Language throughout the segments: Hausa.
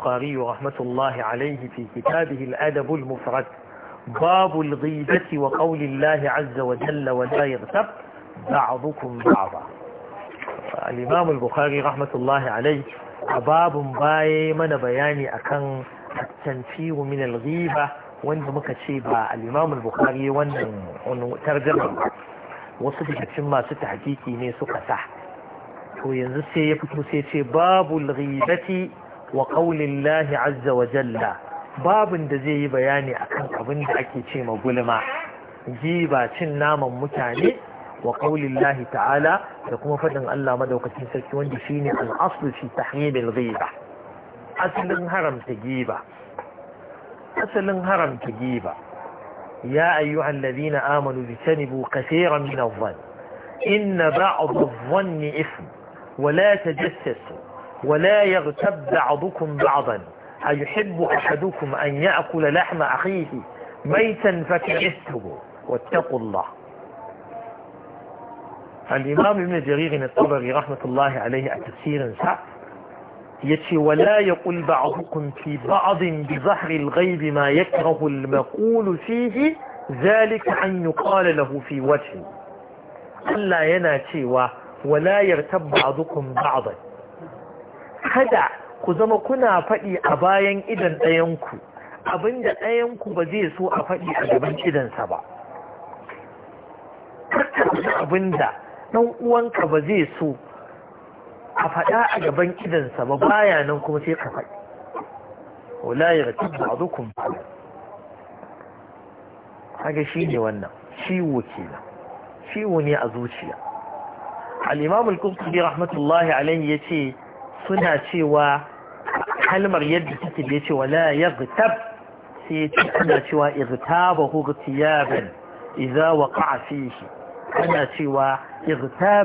البخاري رحمة الله عليه في كتابه الأدب المفرد باب الغيبة وقول الله عز وجل ولا يغتب بعضكم بعضا الإمام البخاري رحمة الله عليه باب باي من بياني أكن التنفير من الغيبة وانت مكتشيبها الإمام البخاري وانت ترجمة wasu cikin masu tahqiqi ne suka sa to yanzu sai ya fito sai ce babu ghibati wa ƙaunin lahi azza da zai yi bayani akan abin da ake ce ma gulma giba cin naman mutane wa ƙaunin lahi ta'ala da kuma faɗin Allah madaukakin sarki wanda shi ne al'asu fi tahrimin ghiba asalin haramta giba asalin haramta giba ya ayyuhan ladina amanu bijtanibu kaseeran min adh-dhann inna ba'd adh-dhanni ithm wa la tajassasu ولا يغتب بعضكم بعضا أيحب أحدكم أن يأكل لحم أخيه ميتا فكرهته واتقوا الله الإمام ابن جرير الطبري رحمة الله عليه التفسير سعف يتشي ولا يقول بعضكم في بعض بظهر الغيب ما يكره المقول فيه ذلك أن يقال له في وجهه ألا يناتي ولا يرتب بعضكم بعضا kada ku zama kuna faɗi a bayan idan ɗayanku abinda ɗayanku ba zai so a faɗi a gaban idansa ba abinda ɗan uwanka ba zai so a faɗa a gaban idansa ba baya nan kuma sai ka faɗi wala ya a ba zukun haga shi ne wannan ciwo nan, ciwo ne a zuciya al-imamul qurtubi rahmatullahi alayhi ce. suna cewa kalmar yadda take da cewa la yaghtab sai ce ana cewa igtabahu ghtiyaban idza waqa'a fihi ana cewa ya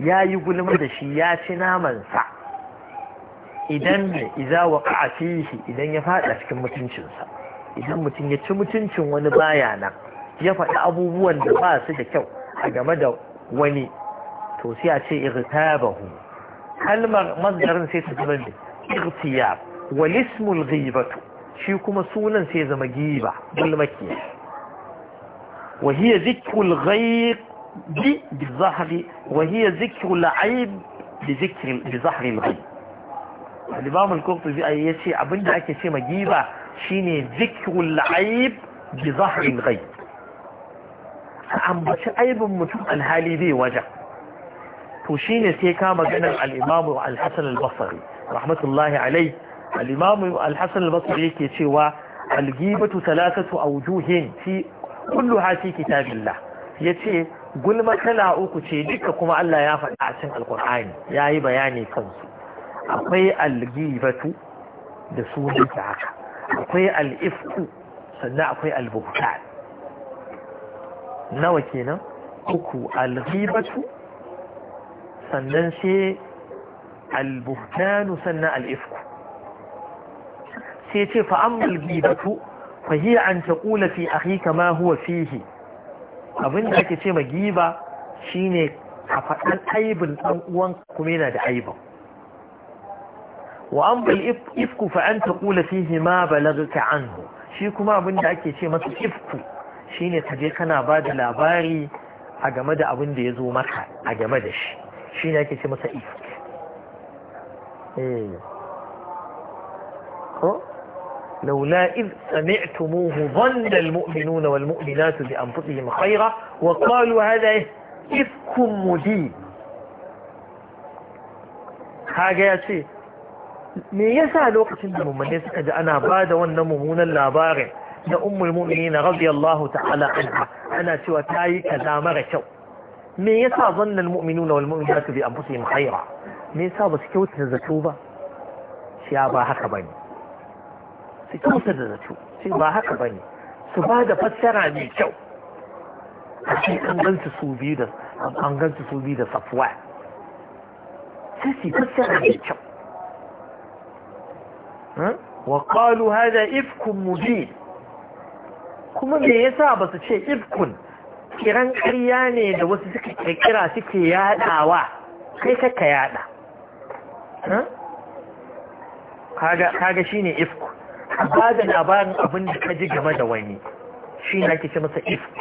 yayi gulma da shi ya ci naman sa idan ne idza waqa'a fihi idan ya fada cikin mutuncin idan mutum ya ci mutuncin wani baya na ya faɗi abubuwan da ba su da kyau a game da wani to sai a ce irtabahu. هل مصدر سيسة بندي اغتيار والاسم الغيبة شيكو مسولا سيزة مجيبة بالمكية وهي ذكر الغيق بالظهر وهي ذكر العيب بذكر بظهر الغيب الإمام القرطبي أي شيء عبد أي شيء مجيبة شيني ذكر العيب بظهر الغيب عم بش عيب متوقع الهالي بي وجه to sai ka maganar al-imamu al rahmatullahi alai al-imamu al yake cewa algibatu ghibatu a awjuhin fi kulluha fi kitabillah yace gulma kala uku ce duka kuma Allah ya faɗa a cikin alkur'ani ya yi bayani kansu akwai algibatu da sunan haka akwai alifku sannan akwai al nawa kenan uku al sannan sai albuhtanu sannan al'ifku sai ce fa'ammal gibatu fa hiya an taƙula fi akhika ma huwa fihi abin da ake ce ma giba shine ka faɗan aibin ɗan kuma yana da aibin wa an ifku fa an taqula fihi ma balagta anhu shi kuma abin da ake ce masa ifku shine kaje kana ba da labari a game da abin da ya zo maka a game da shi celui-là qui s'est montré Et... لولا إذ سمعتموه ظن المؤمنون والمؤمنات بأنفسهم خيرا وقالوا هذا إفك مدين حاجة يا يأتي من يسأل وقت النمو من يسأل أنا باد ونمو هنا لا بارع لأم المؤمنين رضي الله تعالى عنها أنا سوى تاي كذا مرشو me yasa zanna almu'minuna wal mu'minatu bi anfusihim khaira me yasa ba su kyauta zato ba shi ba haka bane su kyauta da zato shi ba haka bane su ba da fassara mai kyau a ce an gansu su biyu da an su biyu da safuwa. sai su fassara mai kyau وقالوا هذا إفك مبين kuma me yasa ba su ce ifkun kiran ƙarya ne da wasu suka kirkira suke yaɗawa kai kakka yaɗa kaga shi ne ifku ba da labarin abin da ka ji game da wani shi na ke ce masa ifku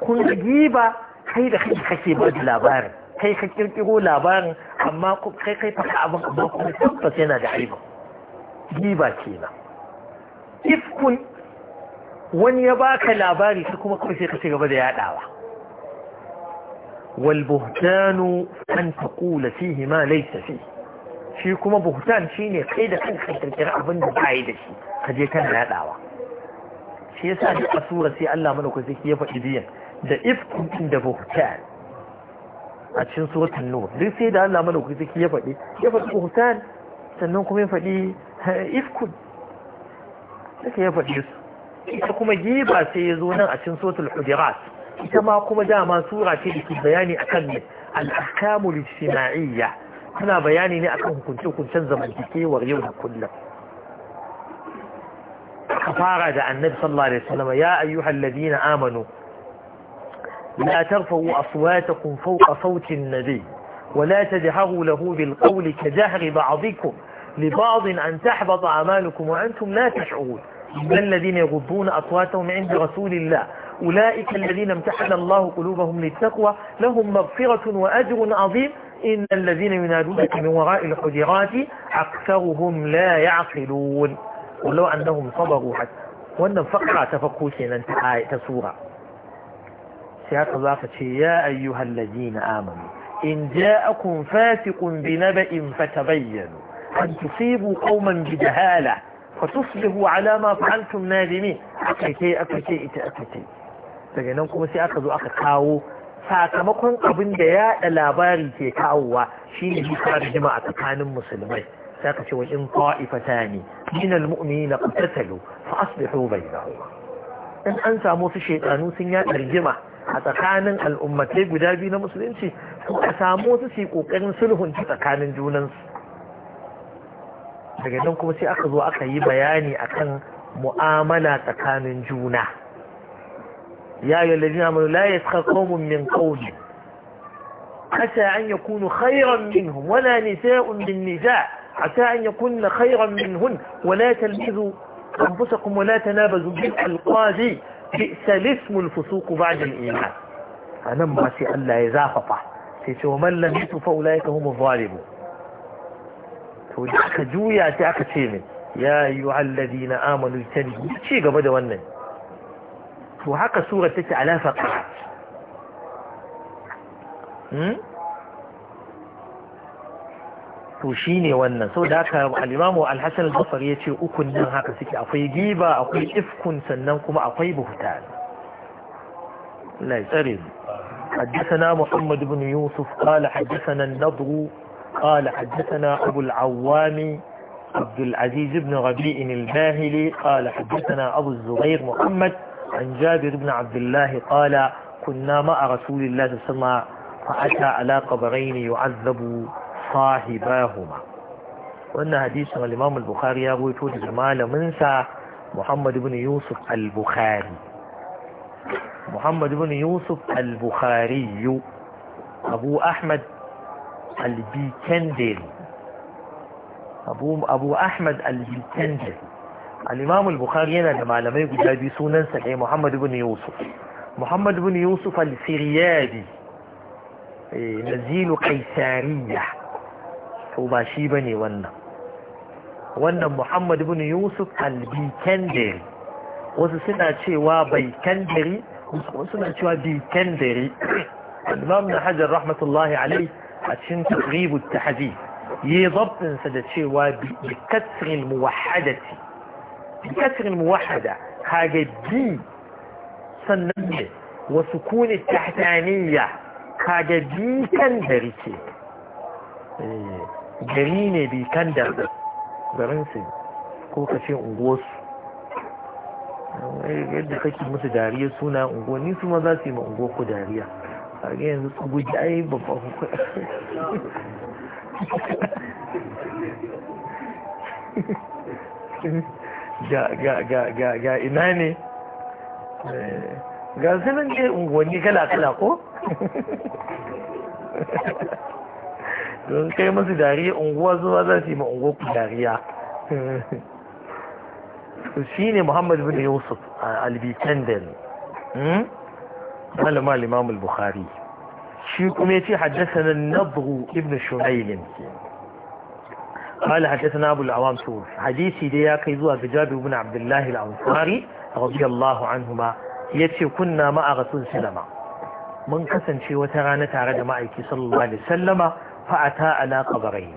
kun giba kai da kai kake ba da labarin kai ka kirkiro labarin amma kai kai fata abin abin kuma tabbas yana da aibin giba kenan ifkun wani ya baka labari su kuma kawai sai ka ci gaba da yadawa wal buhtanu an taqula fihi ma laysa fihi shi kuma buhtan shine kai da kanka kirkira abin da ba yi da shi ka je kana yadawa shi yasa duk asura sai Allah madaukaki ya faɗi biyan da ifkun ifkin da buhtan a cikin suratul nur duk sai da Allah madaukaki ya faɗi ya faɗi buhtan sannan kuma ya faɗi ifkun sai ya faɗi su ita kuma giba sai ya zo nan a cikin sotul hujurat ita ma kuma dama sura ce da ke bayani akan ne al-ahkamul ijtima'iyya tana bayani ne akan hukunce-hukuncen zamantakewar yau da kullum ka fara da annabi sallallahu alaihi wasallam ya ayyuhal ladina amanu la tarfa'u aswatakum fawqa sawti an-nabi wa la tajharu lahu bil qawli ka jahri ba'dikum li ba'd an tahbata a'malukum wa antum la tash'urun الذين يغضون أصواتهم عند رسول الله أولئك الذين امتحن الله قلوبهم للتقوى لهم مغفرة وأجر عظيم إن الذين ينادونك من وراء الحجرات أكثرهم لا يعقلون ولو أنهم صبروا حتى وأن فقرة تفقوشين أنت تسورة آيَةَ سياق الله يا أيها الذين آمنوا إن جاءكم فاسق بنبأ فتبينوا أن تصيبوا قوما بجهالة فتصبحوا على ما فعلتم نادمين akai kai ita akai daga nan kuma sai aka zo aka kawo sakamakon abin da yaɗa labari ke kawowa shine bisa jima a tsakanin musulmai sai aka ce wa in qa'ifatani min almu'minina qatatalu fa aslihu bainahuma in an samu su shedanu sun yaɗa rigima a tsakanin al'ummatai guda biyu na musulunci to a samu su su kokarin sulhun tsakanin junansu daga nan kuma sai aka zo aka yi bayani akan mu'amala tsakanin juna ya yi lalazina amanu la yaskar qaumun min qawli عسى أن يكونوا خيرا منهم ولا نساء بالنساء عسى أن يكون خيرا منهن ولا تلمذوا أنفسكم ولا تنابزوا بالألقاب بئس الاسم الفسوق بعد الإيمان أنا ما سي الله يزافط سيتي ومن لم يتف فأولئك هم الظالمون to da aka juya sai aka ce min ya yi wallazi na amalu tani ci gaba da wannan to haka sura take ala faqat hmm to shine wannan saboda haka al-Imam al-Hasan al-Basri yace ukun nan haka suke akwai giba akwai ifkun sannan kuma akwai buhtan Allah ya tsare mu حدثنا محمد بن يوسف قال حدثنا النضر قال حدثنا أبو العوام عبد العزيز بن ربيع الباهلي قال حدثنا أبو الزبير محمد عن جابر بن عبد الله قال كنا مع رسول الله صلى الله عليه وسلم فأتى على قبرين يعذب صاحباهما وأن حديث الإمام البخاري يروي جمال منسى محمد بن يوسف البخاري محمد بن يوسف البخاري أبو أحمد كندل أبو, أبو أحمد كندل الإمام البخاري هنا لما لم يقول جابي سنن سحي محمد بن يوسف محمد بن يوسف السريابي إيه، نزيل قيسارية وباشي بني ونا ونا محمد بن يوسف البيكندري wasu suna cewa bai kandari wasu suna بي كندري الإمام imam na hajar rahmatullahi alai a cikin taqribu tahzi yi zabtinsa da cewa bi kasri muwahhadati bi kasri muwahhada kage bi sannan ne wasu sukuni tahtaniyya kage bi kan dari ce eh, gari ne bi kan dari garin su ko ka ce unguwarsu yadda kake musu dariya suna ni su ma za su yi ma unguwar ku dariya ga yanzu ku guji babban ga ina ne eh, ga sunan ke unguwanni kala-kala ko? don kai masu dariya unguwa zuwa za su yi ma'unguwa ku dariya shi ne Muhammadu bin yusuf albikandar hmm? malama limamul bukhari shi kuma ya ce haddasa nabru ibn shumailin قال حدثنا أبو العوام سور حديثي دي كيزوها بجابر بن عبد الله الأنصاري رضي الله عنهما يتي كنا مع رسول سلمة من قسن شي وترانا تعرض معك صلى الله عليه وسلم فأتى على قبرين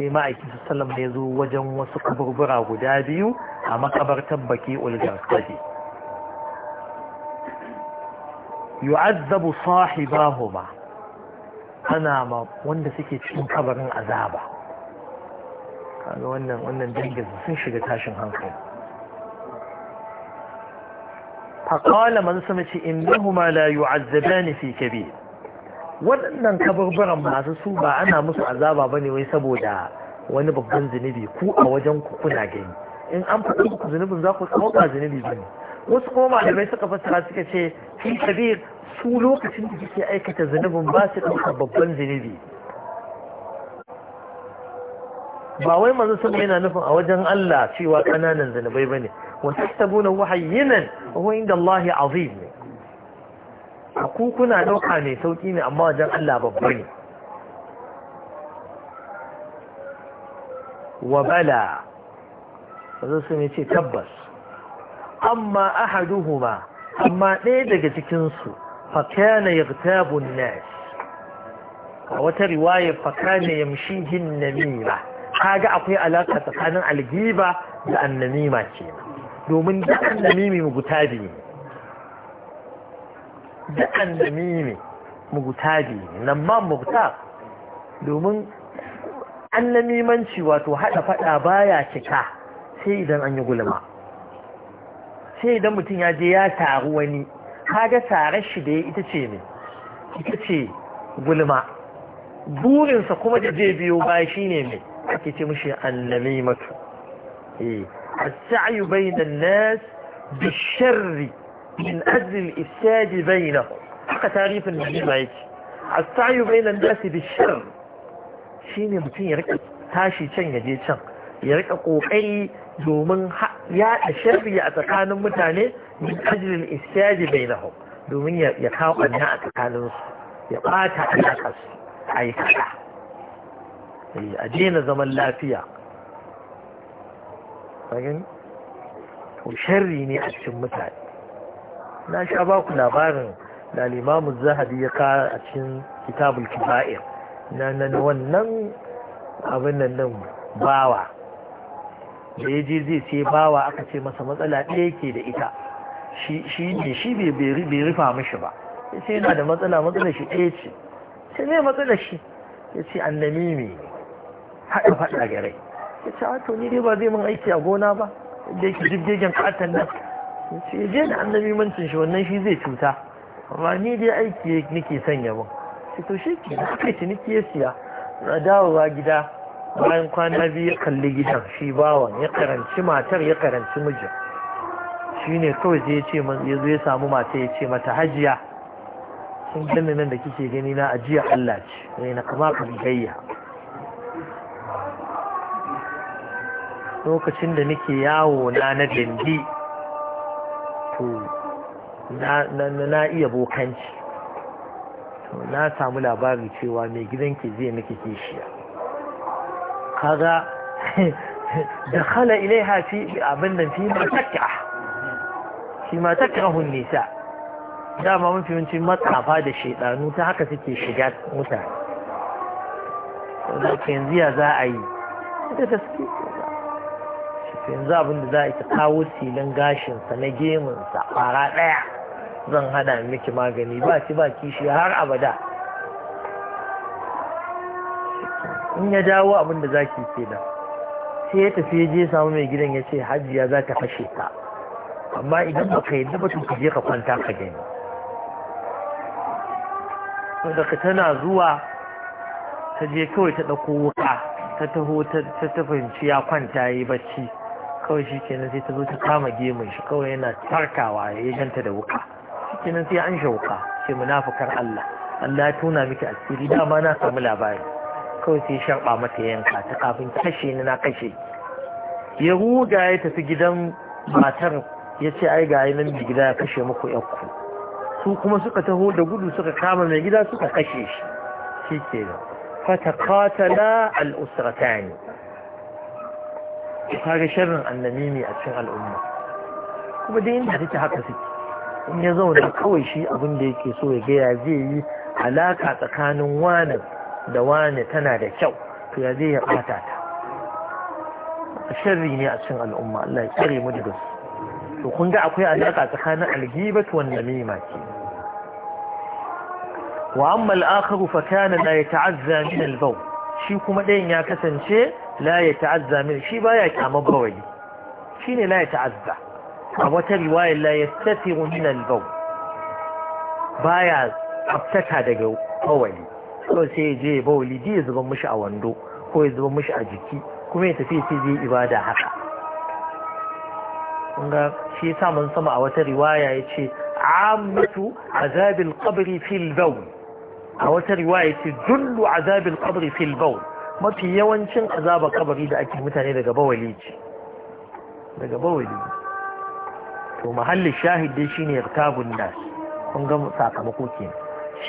sai ma'aiki sallam ne zo wajen wasu kaburbura guda biyu a makabartar baki ulgar kaji yu'azzabu sahibahuma ana ma wanda suke cikin kabarin azaba kaga wannan wannan dangin sun shiga tashin hankali faqala man sama ce innahuma la yu'azzabani fi kabir waɗannan kabarbaran masu su ba ana musu azaba bane wai saboda wani babban zunubi ku a wajen ku kuna gani in an faɗi ku zunubin za ku tsoka ba zunubi bane wasu kuma malamai suka fassara suka ce fi kabir su lokacin da suke aikata zunubin ba su babban zunubi ba wai manzo sun yana nufin a wajen Allah cewa kananan zanubai bane wa tastabuna wahayyinan wa inda Allah azim ne ku kuna dauka ne sauki ne amma wajen Allah babban ne wa bala manzo sun ce tabbas amma ahaduhuma amma ɗaya daga cikinsu fakana ya tabun nas a wata riwayar fakana ya mshihin namima kaga akwai alaka tsakanin algiba da annamima ce domin da annamimi biyu ne da annamimi biyu ne nan ma mugta domin annamimanci wato haɗa faɗa baya cika sai idan an yi gulma sai idan mutum ya je ya taru wani kaga tarar shi da ita ce ne ita ce gulma burinsa kuma da zai biyo shi ne mai ake ce mishi annami matu eh as-sa'yu bayna an-nas bi-sharri min ajli al-ifsad haka tarifin namima yake as-sa'yu bayna an-nas bi-sharr shine mutum ya rika tashi can ya je can ya rika kokari domin yaɗa sharri a tsakanin mutane min ajilin isyaji bai na domin ya kawo ɓanna a tsakaninsu ya ɓata a yaƙasu a yi kaɗa eh, a daina zaman lafiya to sharri ne a cikin mutane na sha ba ku labarin da limamu zahabi ya ka a cikin kitabul kiba'ir na nan wannan abin nan bawa da ya je zai sai bawa aka ce masa matsala ɗaya yake da ita shi ne shi bai rufa mishi ba sai yana da matsala matsala shi ɗaya ce sai ne matsala shi ya ce annami ne haɗa faɗa gare ya ce ah, to ni dai ba zai min aiki a gona ba da yake jirgin katon nan ya ce je da annabi mancin shi wannan shi zai cuta amma ni dai aiki nake sanya ba sai to shi ke na kai ciniki ya siya na dawowa gida bayan kwana biyu ya kalli gidan shi bawan ya karanci matar ya karanci mijin shi ne kawai sai ya ce ya zo ya samu mata ya ce mata hajiya sun gani nan da kike gani na ajiya Allah ce wai eh, na kama ka gayya lokacin da nake yawo na na dindi to na iya bokanci na samu labari cewa mai gidanki zai miki kishiya kaga dakhala ilaiha fi abin nan fi ma takrah fi ma takrahu nisa dama mafi yawanci matsafa da shaidanu ta haka suke shiga mutane yanzu ya za a yi da gaske yanzu abin da za a ita kawo silin gashinsa na gemunsa fara ɗaya zan hada miki magani ba ki ba kishi har abada in ya dawo abin da zaki ke da sai ya tafi ya je samu mai gidan ya ce hajiya za ta fashe ta amma idan ba ka yadda ba tun ka je ka kwanta ka gani wanda ka tana zuwa ta je kawai ta ɗauko wuka ta taho ta fahimci ya kwanta ya yi bacci kawai shi kenan sai ta zo ta kama gemun shi kawai yana tarkawa ya ganta da wuka shi kenan sai an shauka ce munafukar Allah Allah ya tuna miki asiri dama na samu labari kawai sai sharɓa mata yanka ta kafin kashe ni na kashe ya ruga ya tafi gidan matar ya ce ai ga nan bi gida ya kashe muku yakku su kuma suka taho da gudu suka kama mai gida suka kashe shi shi ke da fatakatala al'usratani kaga sharrin annami ne a cikin al'umma kuma dai inda take haka suke in ya zauna kawai shi abin da yake so ya gaya zai yi alaka tsakanin wanan da wane tana da kyau to ya zai ya bata ta sharri ne a cikin al'umma Allah ya tsare mu daga su to kun ga akwai alaka tsakanin algibatu wan namima ke wa amma al-akharu fa kana la yata'azza min al-baw shi kuma ɗayan ya kasance la yata'azza min shi baya kyamar bawayi shine la yata'azza a wata riwaya la yastatiru min al-baw baya tsabtata daga bawayi kawai sai ya je ya bawa lidi ya zuba mishi a wando ko ya zuba mishi a jiki kuma ya tafi sai zai ibada haka ga shi yasa mun sama a wata riwaya yace ammatu azabil qabri fil bawl a wata riwaya yace dullu azabil qabri fil bawl mafi yawancin azaba kabari da ake mutane daga bawali ce daga bawali to mahallin shahid dai shine irtabun nas kun ga sakamako kenan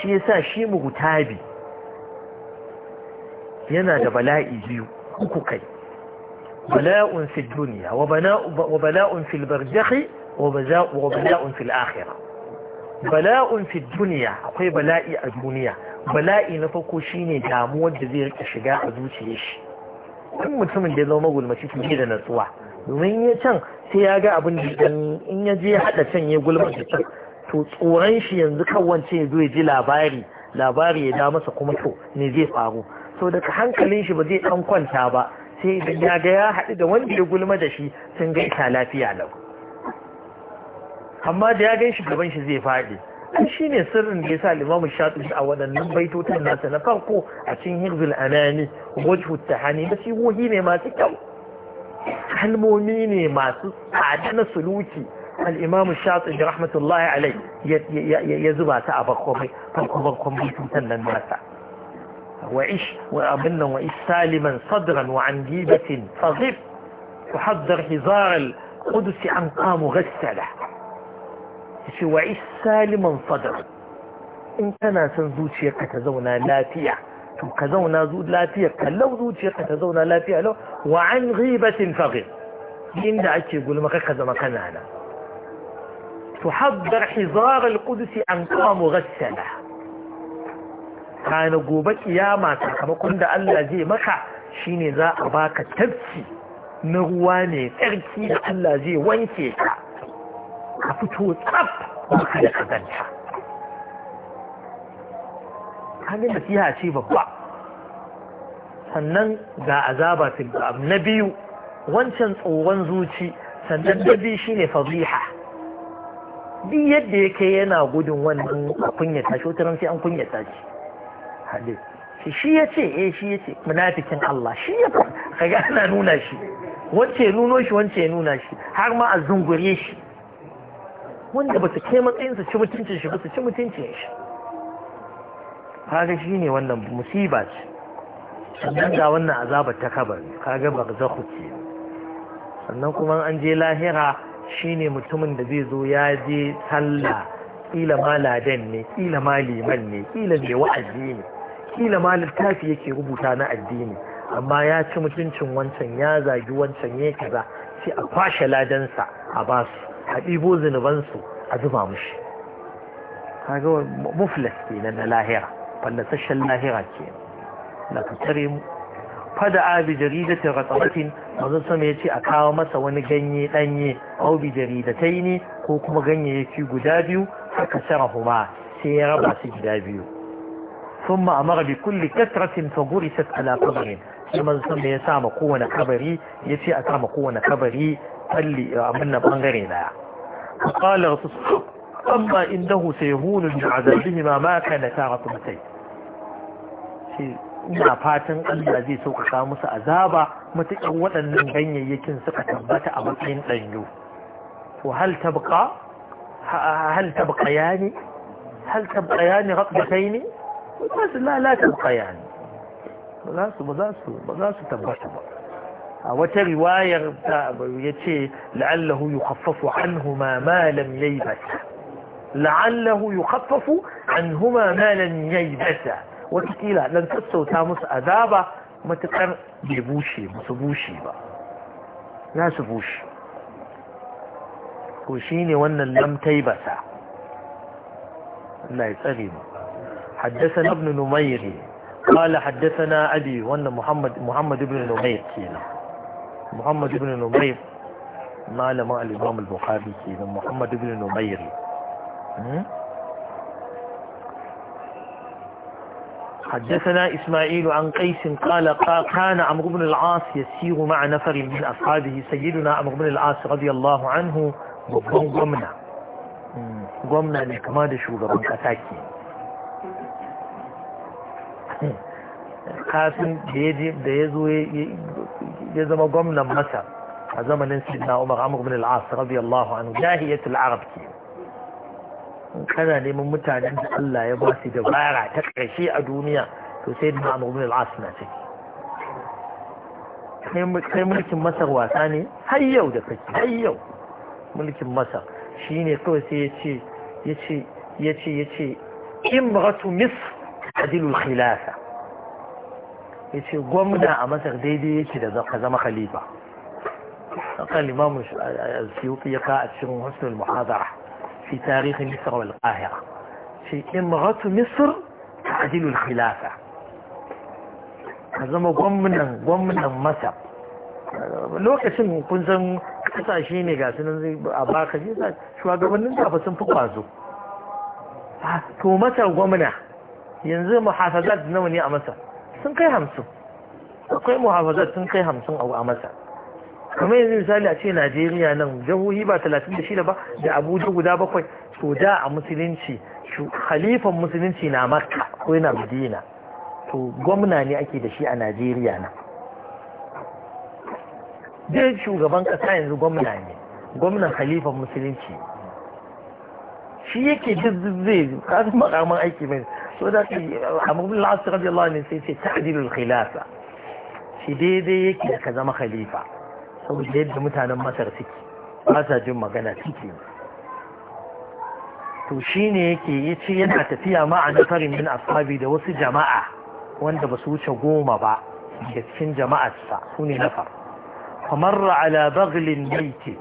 shi yasa shi mugutabi yana da bala'i biyu uku kai bala'un fi duniya wa bala'un fil barzakhi wa bala'un fil akhirah bala'un fi duniya akwai bala'i a duniya bala'i na farko shine damuwar da zai rika shiga a zuciyar shi kun mutumin da ya zama magulmaci ke da natsuwa domin ya can sai ya ga abin da in ya je haɗa can ya gulma da can to tsoron shi yanzu kawance ya zo ya ji labari labari ya da masa kuma to ne zai faru To daga hankalin shi ba zai ɗan kwanta ba sai idan ya ga ya haɗu da wanda ya gulma da shi sun ita lafiya lau amma da ya gan shi gaban shi zai faɗi an shi ne sirrin da ya sa limamu shaɗu a waɗannan baitotan nasa na farko a cikin hirzul anani wajhu tahani na sigogi ne masu kyau kalmomi ne masu tsada na suluki al'imamu shaɗu rahmatullahi alai ya zuba ta a farko farko farkon baitotan nan nasa وعيش وابن وعيش سالما صدرا وعن جيبة فغف وحضر حزار القدس عن قام غسلة في وعيش سالما صدرا ان كان سنزوج شيء كتزونا لاتيا كزونا زود لاتيا كلو زوج شيء كتزونا لاتيا له وعن غيبة فغف جين دا اكي يقول ما كذا ما كان انا تحضر حزار القدس عن قام غسله rana gobe kiyama sakamakon da Allah zai maka shine za a baka tafki na ruwa ne tsarki da Allah zai wanke ka ka fito tsaf baka da kazanta hannun siya ce babba sannan ga azaba fil na biyu wancan tsoron zuci sannan na biyu shine fabiha duk yadda ya kai yana gudun wannan kunyata shi wata sai an kunyata shi hade shi ya ce eh shi ya ce munafikin Allah shi ya fa kaga ana nuna shi ya nuno shi ya nuna shi har ma a zungure shi wanda ba su kai matsayin su ci mutuncin shi ba su ci mutuncin shi kaga shi ne wannan musiba ce sannan ga wannan azabar ta kabari kaga barzakhu ce sannan kuma an je lahira shine mutumin da zai zo ya je sallah kila ma ladan ne kila ma liman ne kila mai wa'azi ne kila ma littafi yake rubuta na addini amma ya ci mutuncin wancan ya zagi wancan ya kaza sai a kwashe ladansa a basu a ɗibo zunubansu a zuba mushi kaga muflis ne na lahira fallasashen lahira kenan na tattare mu fada a bi jaridatin ratsamatin manzo sama ya ce a kawo masa wani ganye ɗanye, au bi yi ne ko kuma ganye ganyayyaki guda biyu haka huma sai ya raba su gida biyu ثم أمر بكل كثرة فغرست على قبر ثم سمي يسعى مقوة قبري يسعى مقوة قبري فلي أمنا بانغرينا فقال رسول أما إنه سيهون لعذابهما ما كان تارة مسي إن أفاتن الذي سوق خامس أذابا متأولا من غني يكن سوق تنبات أمكين لنيو وهل تبقى هل تبقياني هل تبقياني رقبتيني بس لا لا تبقى يعني بغاس بغاس بغاس تبغاش آه، وتى رواية يتي لعله يخفف عنهما ما لم ييبس لعله يخفف عنهما ما لم ييبس وتكيلا لن تسو تامس أذابا ما تقر بيبوشي مصبوشي با لا سبوشي وشيني وانا لم تيبس الله يتقلي حدثنا ابن نمير قال حدثنا أبي وأن محمد محمد بن نمير كينا محمد بن نمير ما لما الإمام البخاري كينا محمد بن نمير حدثنا إسماعيل عن قيس قال, قال كان عمرو بن العاص يسير مع نفر من أصحابه سيدنا عمرو بن العاص رضي الله عنه babban gwamna gwamna ne kama da Kafin da ya zo ya zama gwamnan masar a zamanin sidna umar amur bin Rabi radiyallahu an jahiyatul arab ke kana neman mutanen da Allah ya basu su dabara ta ƙarshe a duniya to sai da amur bin al'as na ciki kai mulkin masar wasa ne har yau da kake har yau mulkin masar shine kawai sai ya ce ya ce ya ce ya ce imratu misr ta'dilu khilafa yace gwamna a masar daidai yake da ka zama khalifa kan limamu suyuti ya ka a cikin husnul muhadara fi tarihin misr wal qahira shi imratu misr ta'dilu khilafa ka zama gwamnan gwamnan masar lokacin kun san kasashe ne ga sunan zai a baka shi shugabannin da sun fi kwazo to masar gwamna yanzu muhafazat nawa ne a masa sun kai hamsin akwai muhafazat sun kai hamsin a masa kamar yanzu misali a ce najeriya nan jihohi ba talatin da shida ba da abuja guda bakwai to da a musulunci khalifan musulunci na makka ko yana madina to gwamna ne ake da shi a najeriya nan dai shugaban kasa yanzu gwamna ne gwamnan khalifan musulunci shi yake duk zai kasu makaman aiki mai so da amur bin la'as radiyallahu anhu sai ce ta'dilul khilafa shi daidai yake ka zama khalifa saboda yadda mutanen masar suke ba sa jin magana suke to shine yake yace yana tafiya ma a min ashabi da wasu jama'a wanda ba su wuce goma ba da cikin jama'arsa su ne nafar kamar ala baglin baiti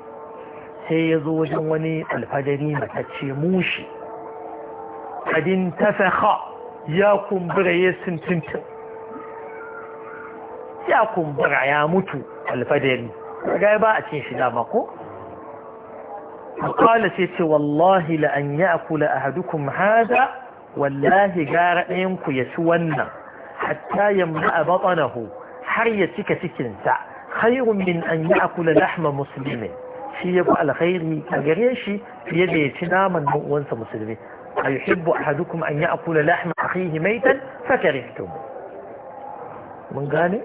sai yazo wajen wani alfadari matacce mushi kadin tasakha ya kumbura ya sintintin ya kumbura ya mutu alfadari ga ba a cin shi dama ko qala sai ce wallahi la akula ya'kula ahadukum hada wallahi gara ɗayan ku ya ci wannan hatta yamna batnahu har ya cika cikinsa khairun min an akula lahma muslimin shi ya fi alkhairi a gare shi fiye da ya ci naman uwansa musulmi أيحب أحدكم أن يأكل لحم أخيه ميتا فكرهتم من قال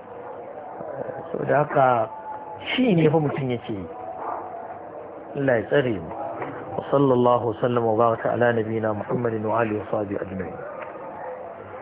سوداك شيني هم تنيتي لا يتغيب وصلى الله وسلم وبارك على نبينا محمد وآله وصحبه أجمعين